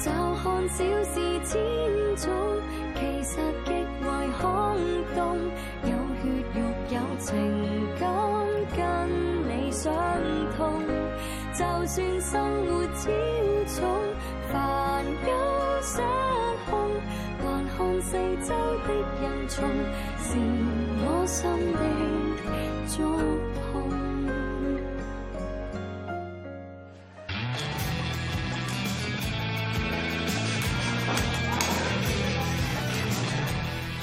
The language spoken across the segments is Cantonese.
就看小事千種，其實極為空洞。有血肉有情感，跟你相通。就算生活超重，煩憂失控，環看四周的人叢，是我心底觸碰。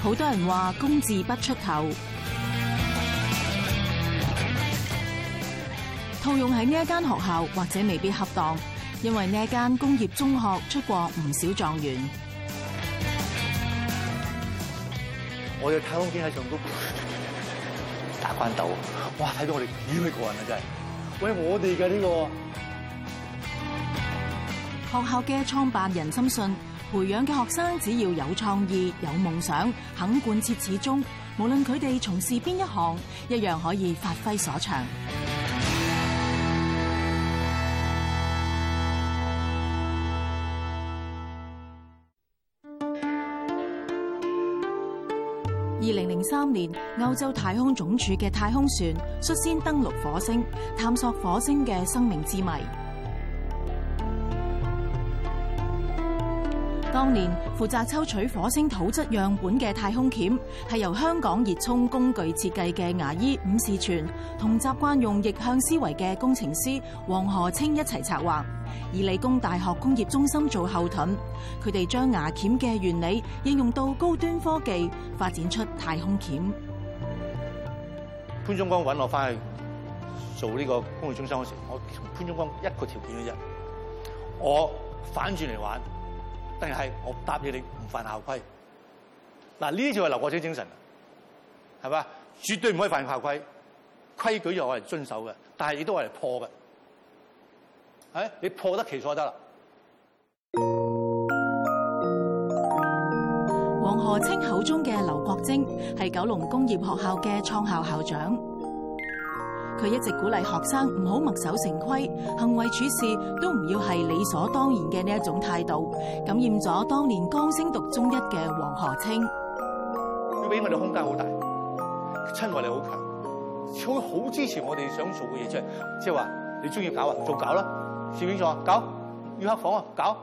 好多人話工字不出頭，套用喺呢一間學校或者未必恰當，因為呢一間工業中學出過唔少狀元。我要偷先喺上高打跟斗，哇！睇到我哋幾許個人啊，真係！喂，我哋嘅呢個學校嘅創辦人深信，培養嘅學生只要有創意、有夢想、肯貫徹始終，無論佢哋從事邊一行，一樣可以發揮所長。二零零三年，歐洲太空總署嘅太空船率先登陸火星，探索火星嘅生命之謎。當年負責抽取火星土質樣本嘅太空鉗，係由香港熱衷工具設計嘅牙醫伍士全同習慣用逆向思維嘅工程師黃河清一齊策劃，而理工大學工業中心做後盾，佢哋將牙鉗嘅原理應用到高端科技，發展出太空鉗。潘宗光揾我翻去做呢個工業中心嗰時，我同潘宗光一個條件嘅啫，我反轉嚟玩。定係我答你，你唔犯校規。嗱，呢就係劉國清精神，係嘛？絕對唔可以犯校規，規矩就我嚟遵守嘅，但係亦都嚟破嘅。誒，你破得其錯得啦。黃河清口中嘅劉國清係九龍工業學校嘅創校校長。佢一直鼓勵學生唔好墨守成規，行為處事都唔要係理所當然嘅呢一種態度，感染咗當年剛升讀中一嘅黃河清。佢俾我哋空間好大，親和力好強，佢好支持我哋想做嘅嘢出嚟，即係話你鍾意搞啊，做搞啦，知唔清啊？搞要黑房啊，搞。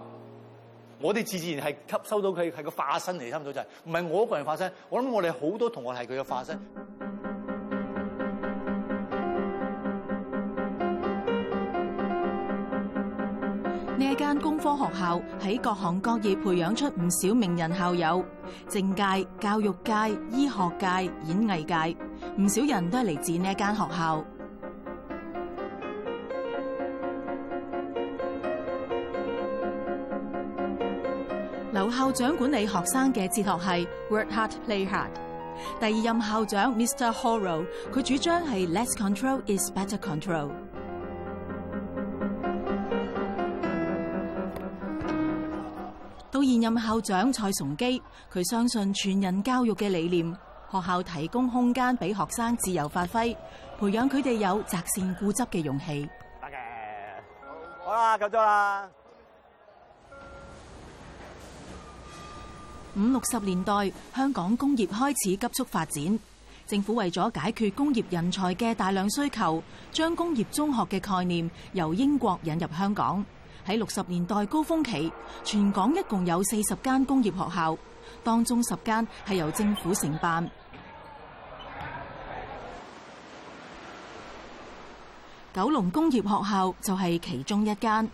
我哋自自然係吸收到佢係個化身嚟，差唔多就係，是，唔係我一個人化身，我諗我哋好多同學係佢嘅化身。工科學校喺各行各業培養出唔少名人校友，政界、教育界、醫學界、演藝界，唔少人都係嚟自呢一間學校。劉校長管理學生嘅哲學係，work hard, play hard。第二任校長 Mr. Horrell，佢主張係 less control is better control。現任校長蔡崇基，佢相信全人教育嘅理念，學校提供空間俾學生自由發揮，培養佢哋有擇善固執嘅勇氣。得嘅，好，好啦，夠咗啦。五六十年代，香港工業開始急速發展，政府為咗解決工業人才嘅大量需求，將工業中學嘅概念由英國引入香港。喺六十年代高峰期，全港一共有四十間工業學校，當中十間係由政府承辦。九龍工業學校就係其中一間。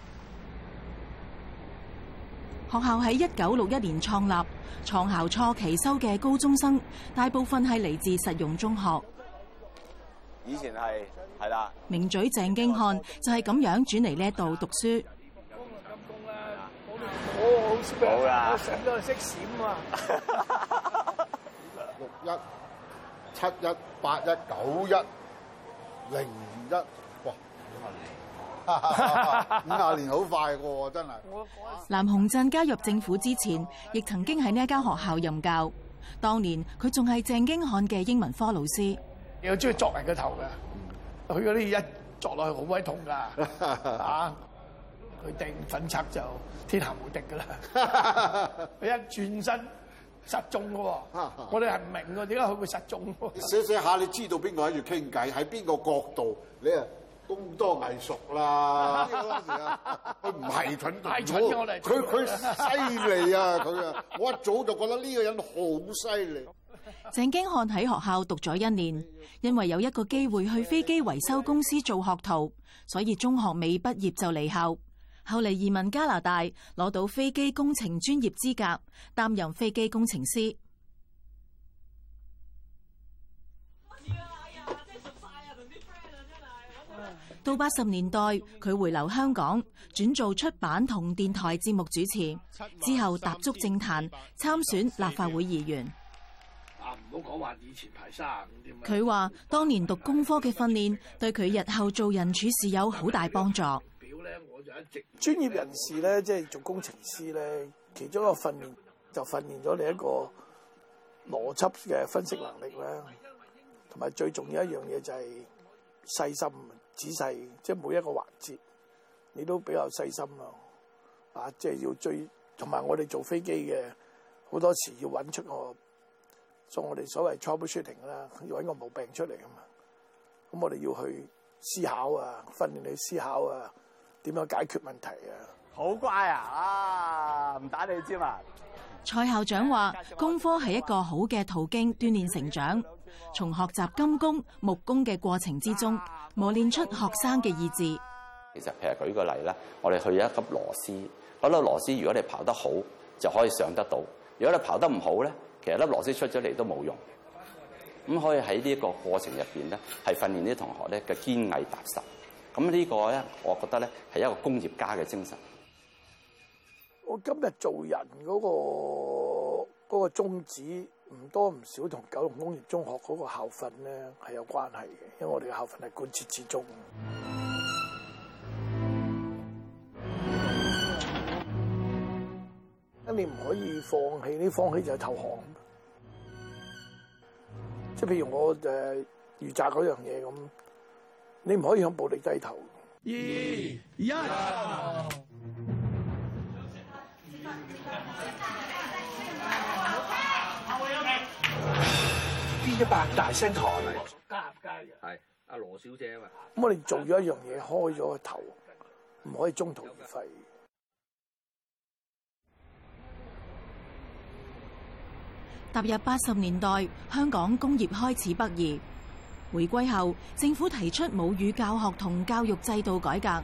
學校喺一九六一年創立，創校初期收嘅高中生，大部分係嚟自實用中學。以前係係啦，名嘴鄭經翰就係咁樣轉嚟呢一度讀書。好啦吧，閃都係識閃啊！六一七一八一九一零一，哇！五十年，五十年好快噶喎，真係。啊、藍鴻震加入政府之前，亦曾經喺呢一間學校任教。當年佢仲係鄭經翰嘅英文科老師。你好中意作人個頭嘅，佢嗰啲一作落去好鬼痛噶，啊！ 佢定粉刷就天下無敵㗎啦！佢一轉身失蹤㗎喎，我哋係唔明㗎，點解佢會失蹤？ 寫寫下，你知道邊個喺度傾偈，喺邊個角度，你啊工多藝術啦。陣時啊，佢唔係蠢，係蠢佢佢犀利啊！佢啊，我一早就覺得呢個人好犀利。鄭經翰喺學校讀咗一年，因為有一個機會去飛機維修公司做學徒，所以中學未畢業就離校。後嚟移民加拿大，攞到飛機工程專業資格，擔任飛機工程師。啊哎啊啊、到八十年代，佢回流香港，轉做出版同電台節目主持，之後踏足政壇，參選立法會議員。佢話當年讀工科嘅訓練，對佢日後做人處事有好大幫助。我就一直專業人士咧，即係做工程師咧。其中一個訓練就訓練咗你一個邏輯嘅分析能力啦。同埋最重要一樣嘢就係細心仔細，即係每一個環節你都比較細心啊。啊，即係要追，同埋我哋做飛機嘅好多時要揾出個，做我哋所謂 trouble shooting 啦，要揾個毛病出嚟啊嘛。咁我哋要去思考啊，訓練你思考啊。點樣解決問題啊？好乖啊！啊，唔打你知嘛？蔡校長話：嗯、工科係一個好嘅途徑，鍛鍊成長。從、嗯、學習金工、嗯、木工嘅過程之中，磨練出學生嘅意志。其實譬如舉個例啦，我哋去有一粒螺絲，嗰粒螺絲如果你刨得好，就可以上得到；如果你刨得唔好咧，其實粒螺絲出咗嚟都冇用。咁可以喺呢個過程入邊咧，係訓練啲同學咧嘅堅毅踏實。咁呢個咧，我覺得咧係一個工業家嘅精神。我今日做人嗰個嗰個宗旨，唔多唔少同九龍工業中學嗰個校訓咧係有關係嘅，因為我哋嘅校訓係貫徹始終。咁你唔可以放棄，你放棄就係投降。即係譬如我誒魚雜嗰樣嘢咁。你唔可以向暴力低頭 2, 1, GPA,。二一。啲一百大聲台嚟。係阿羅小姐啊嘛。咁我哋做咗一樣嘢，開咗個頭，唔可以中途而廢。踏入八十年代，香港工業開始北移。回歸後，政府提出母語教學同教育制度改革，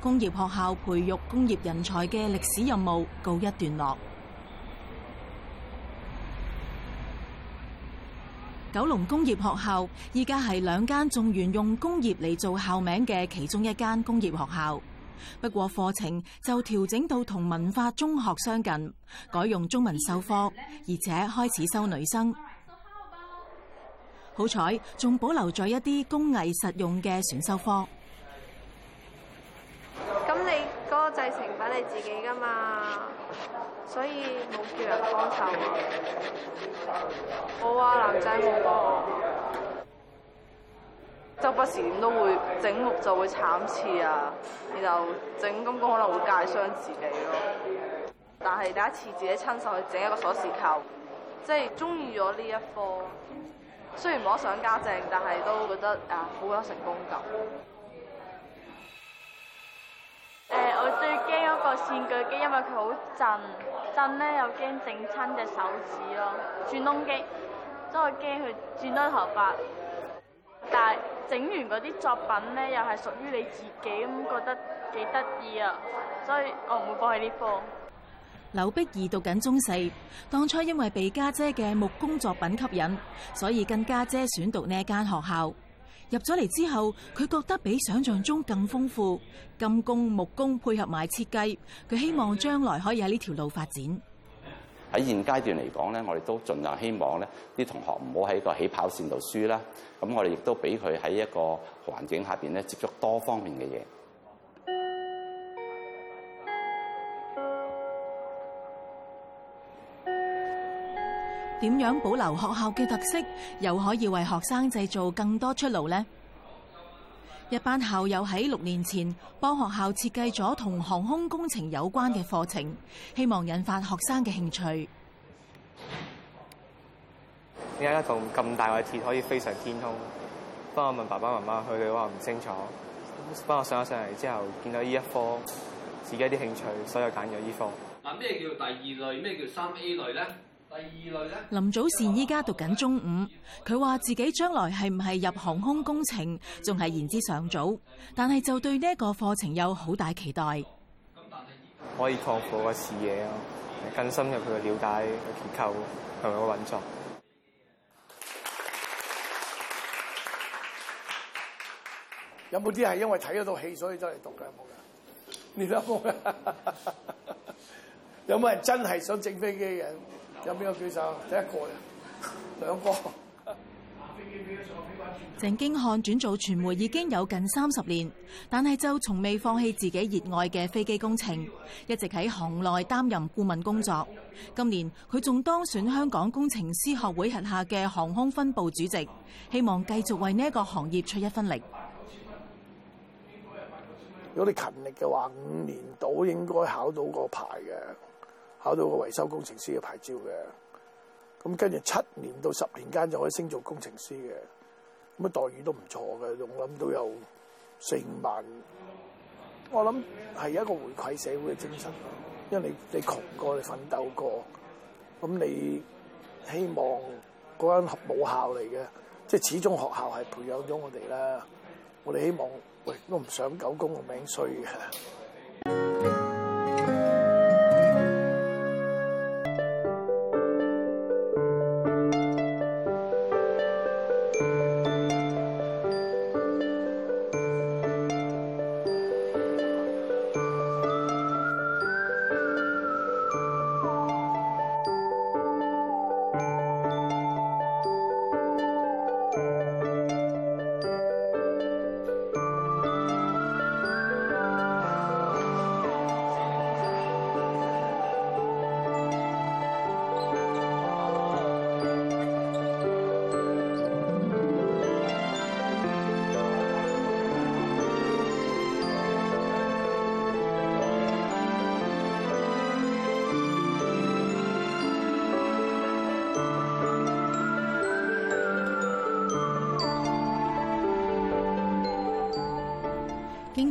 工業學校培育工業人才嘅歷史任務告一段落。九龍工業學校依家係兩間仲沿用工業嚟做校名嘅其中一間工業學校，不過課程就調整到同文化中學相近，改用中文授課，而且開始收女生。好彩仲保留咗一啲工藝實用嘅選修科。咁你嗰個製成品你自己噶嘛？所以冇叫人幫手啊！冇啊，男仔冇幫我。周不時點都會整木就會慘次啊，然後整金工可能會介傷自己咯。但係第一次自己親手去整一個鎖匙扣，即係中意咗呢一科。雖然冇得上家政，但係都覺得啊好、呃、有成功感。呃、我最驚嗰個線鋸機，因為佢好震，震咧又驚整親隻手指咯。轉窿機，都係驚佢轉多頭髮。但係整完嗰啲作品咧，又係屬於你自己，咁覺得幾得意啊！所以我唔會放棄呢科。劉碧怡讀緊中四，當初因為被家姐嘅木工作品吸引，所以跟家姐選讀呢間學校。入咗嚟之後，佢覺得比想象中更豐富，金工、木工配合埋設計，佢希望將來可以喺呢條路發展。喺現階段嚟講咧，我哋都盡量希望咧，啲同學唔好喺個起跑線度輸啦。咁我哋亦都俾佢喺一個環境下邊咧，接觸多方面嘅嘢。點樣保留學校嘅特色，又可以為學生製造更多出路呢？一班校友喺六年前幫學校設計咗同航空工程有關嘅課程，希望引發學生嘅興趣。點解一個咁大嘅鐵可以飛上天空？幫我問爸爸媽媽，佢哋話唔清楚。幫我上咗上嚟之後，見到呢一科自己啲興趣，所以我揀咗呢科。嗱，咩叫第二類？咩叫三 A 類咧？第二類咧，林祖善依家讀緊中五，佢話自己將來係唔係入航空工程，仲係言之尚早。但係就對呢一個課程有好大期待。咁但係可以擴闊個視野啊，更深入佢嘅了解的結構，同埋個運作。有冇啲係因為睇咗套戲所以真嚟讀嘅？冇噶，你都沒有冇噶？ 有冇人真係想整飛機嘅？有邊個舉手？第一個呀，兩個。鄭 經翰轉做傳媒已經有近三十年，但係就從未放棄自己熱愛嘅飛機工程，一直喺行內擔任顧問工作。今年佢仲當選香港工程師學會轄下嘅航空分部主席，希望繼續為呢一個行業出一分力。如果你勤力嘅話，五年到應該考到個牌嘅。考到個維修工程師嘅牌照嘅，咁跟住七年到十年間就可以升做工程師嘅，咁啊待遇都唔錯嘅，我諗都有四五萬。我諗係一個回饋社會嘅精神，因為你你窮過，你奮鬥過，咁你希望嗰間母校嚟嘅，即係始終學校係培養咗我哋啦。我哋希望，喂，都唔想九公個名衰嘅。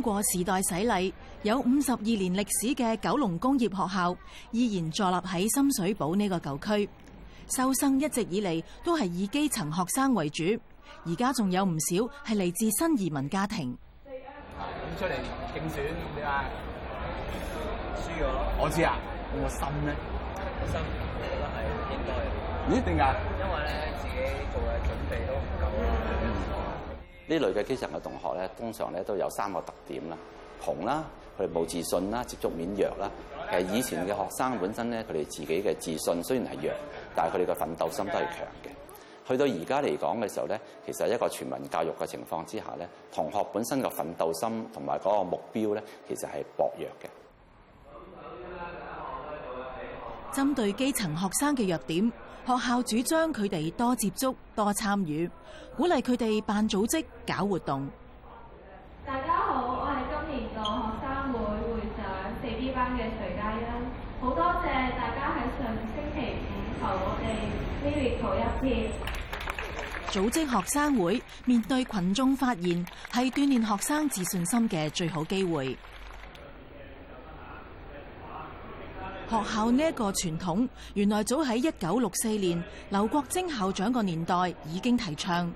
經過時代洗禮，有五十二年歷史嘅九龍工業學校依然坐落喺深水埗呢個舊區。收生一直以嚟都係以基層學生為主，而家仲有唔少係嚟自新移民家庭。嚟啊！咁出嚟競選，你啊，輸咗。我知啊。咁個心咧？心我覺得係應該。點解？因為咧，自己做嘅準備都唔夠。嗯呢類嘅基層嘅同學咧，通常咧都有三個特點啦：窮啦，佢哋冇自信啦，接觸面弱啦。其實以前嘅學生本身咧，佢哋自己嘅自信雖然係弱，但係佢哋嘅奮鬥心都係強嘅。去到而家嚟講嘅時候咧，其實一個全民教育嘅情況之下咧，同學本身嘅奮鬥心同埋嗰個目標咧，其實係薄弱嘅。針對基層學生嘅弱點。學校主張佢哋多接觸、多參與，鼓勵佢哋辦組織、搞活動。大家好，我係今年度學生會會長四 B 班嘅徐嘉欣。好多謝大家喺上星期五求我哋呢月頭一次組織學生會，面對群眾發言係鍛鍊學生自信心嘅最好機會。學校呢個傳統，原來早喺一九六四年劉國禎校長個年代已經提倡。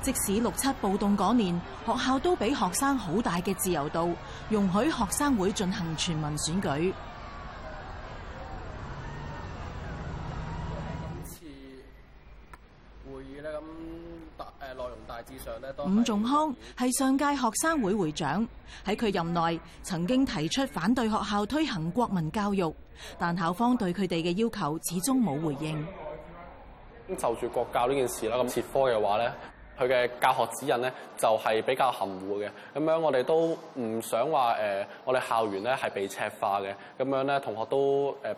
即使六七暴動嗰年，學校都俾學生好大嘅自由度，容許學生會進行全民選舉。伍仲康係上屆學生會會長，喺佢任內曾經提出反對學校推行國民教育，但校方對佢哋嘅要求始終冇回應。就住國教呢件事啦，咁設科嘅話咧，佢嘅教學指引咧就係比較含糊嘅。咁樣我哋都唔想話誒、呃，我哋校園咧係被赤化嘅。咁樣咧，同學都誒。呃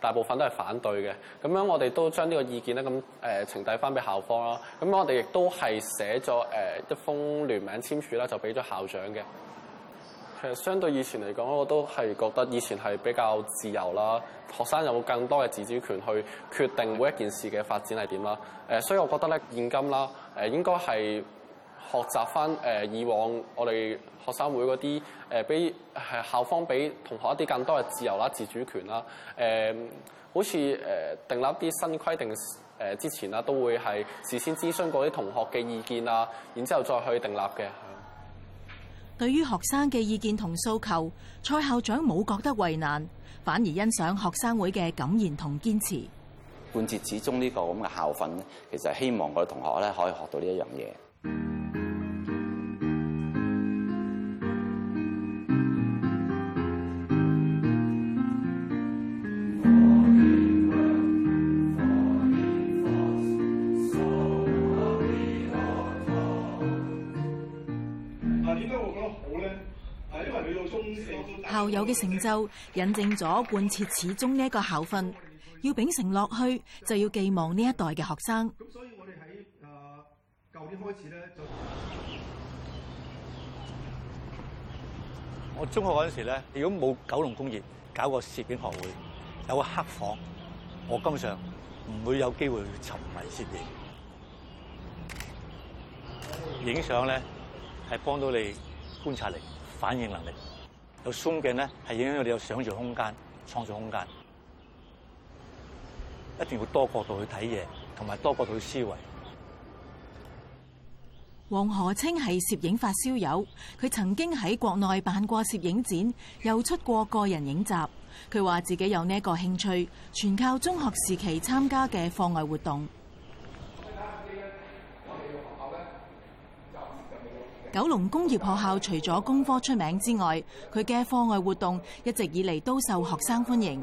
大部分都係反對嘅，咁樣我哋都將呢個意見咧，咁誒呈遞翻俾校方啦。咁我哋亦都係寫咗誒一封聯名簽署啦，就俾咗校長嘅。其、呃、實相對以前嚟講，我都係覺得以前係比較自由啦，學生有冇更多嘅自主權去決定每一件事嘅發展係點啦。誒、呃，所以我覺得咧，現今啦，誒、呃、應該係。學習翻誒以往我哋學生會嗰啲誒，俾係校方俾同學一啲更多嘅自由啦、自主權啦。誒，好似誒訂立啲新規定誒之前啦，都會係事先諮詢過啲同學嘅意見啊，然之後再去訂立嘅。對於學生嘅意見同訴求，蔡校長冇覺得為難，反而欣賞學生會嘅敢言同堅持。貫徹始終呢個咁嘅校訓咧，其實希望我哋同學咧可以學到呢一樣嘢。有嘅成就，印證咗貫徹始終呢一個校訓。要秉承落去，就要寄望呢一代嘅學生。咁所以我哋喺啊舊年開始咧，就我中學陣時咧，如果冇九龍工業搞個攝影學會，有個黑房，我根本上唔會有機會去沉迷攝影。影相咧係幫到你觀察力、反應能力。有鬆嘅呢係影響你有想象空間、創造空間。一定要多角度去睇嘢，同埋多角度去思維。黃河清係攝影發燒友，佢曾經喺國內辦過攝影展，又出過個人影集。佢話自己有呢一個興趣，全靠中學時期參加嘅課外活動。九龍工業學校，除咗工科出名之外，佢嘅課外活動一直以嚟，都受學生歡迎。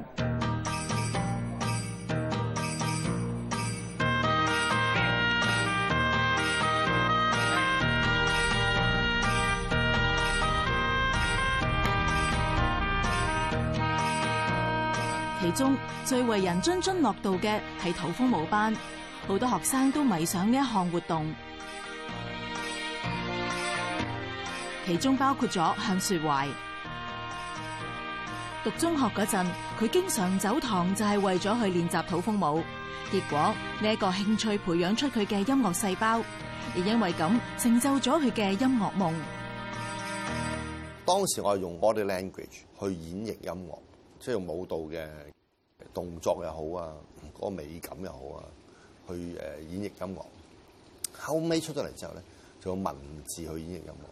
其中最為人津津樂道嘅係土風舞班，好多學生都迷上呢一項活動。其中包括咗向雪懷，讀中學嗰陣，佢經常走堂就係為咗去練習土風舞。結果呢一個興趣培養出佢嘅音樂細胞，而因為咁成就咗佢嘅音樂夢。當時我係用 body language 去演繹音樂，即係用舞蹈嘅動作又好啊，嗰個美感又好啊，去誒演繹音樂。後尾出咗嚟之後咧，仲有文字去演繹音樂。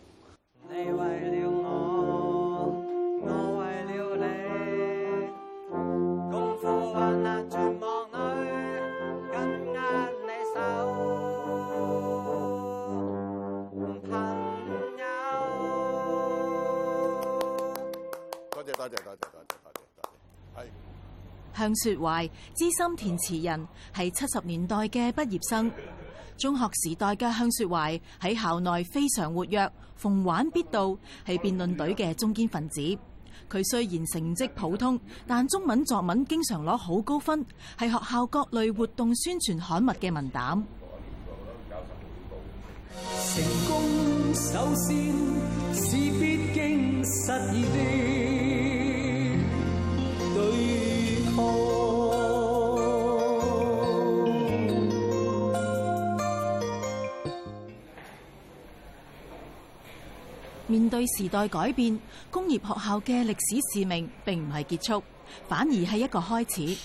你為了我，我為了你，共赴患難絕望裡，緊握你手，朋友，多謝多謝多謝多謝多謝多謝，係向雪懷，資深填詞人，係七十年代嘅畢業生。中學時代嘅向雪懷喺校內非常活躍，逢玩必到，係辯論隊嘅中堅分子。佢雖然成績普通，但中文作文經常攞好高分，係學校各類活動宣傳刊物嘅文膽。面對時代改變，工業學校嘅歷史使命並唔係結束，反而係一個開始。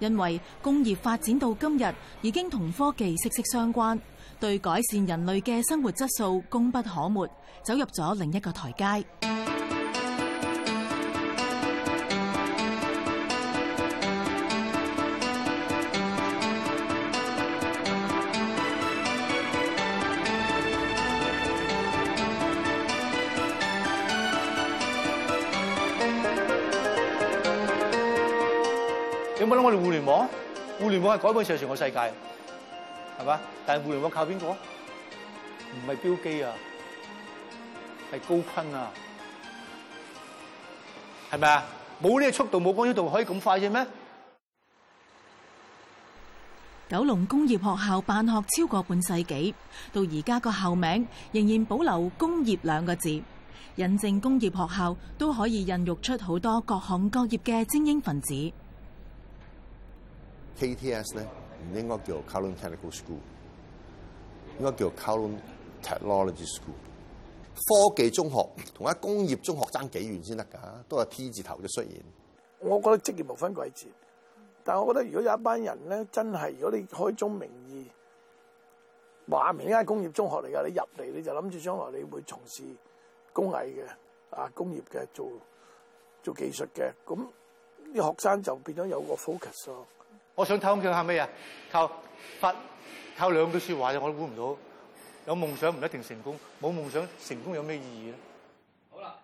因為工業發展到今日，已經同科技息息相關，對改善人類嘅生活質素功不可沒，走入咗另一個台階。我係改本上成個世界，係嘛？但係互聯網靠邊個？唔係標機啊，係高坤啊，係咪啊？冇呢個速度，冇光速度可以咁快啫咩？九龍工業學校辦學超過半世紀，到而家個校名仍然保留工業兩個字，印證工業學校都可以孕育出好多各行各業嘅精英分子。K.T.S. 咧唔應該叫 Kowloon Technical School，應該叫 Kowloon Technology School。科技中學同一工業中學爭幾遠先得㗎？都係 T 字頭嘅出現。雖然我覺得職業無分貴賤，但係我覺得如果有一班人咧，真係如果你開宗明義話明呢間工業中學嚟㗎，你入嚟你就諗住將來你會從事工藝嘅啊，工業嘅做做技術嘅，咁啲學生就變咗有個 focus 咯。我想偷緊靠下咩啊？靠佛？靠兩句説話啫，我都估唔到有夢想唔一定成功，冇夢想成功有咩意義咧？天好啦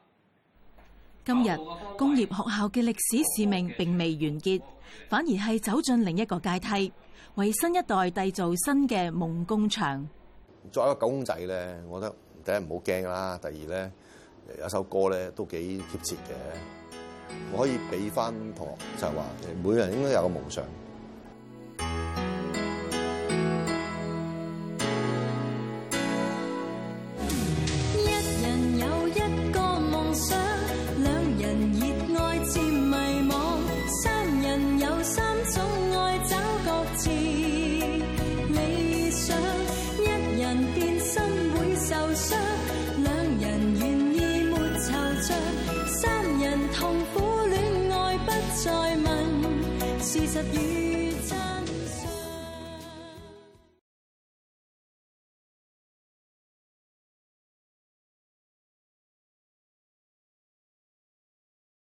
了，今日工業學校嘅歷史使命並未完結，反而係走進另一個階梯，為新一代製造新嘅夢工場。作為一個狗公仔咧，我覺得第一唔好驚啦，第二咧有首歌咧都幾貼切嘅，我可以俾翻堂就係話，每人應該有個夢想。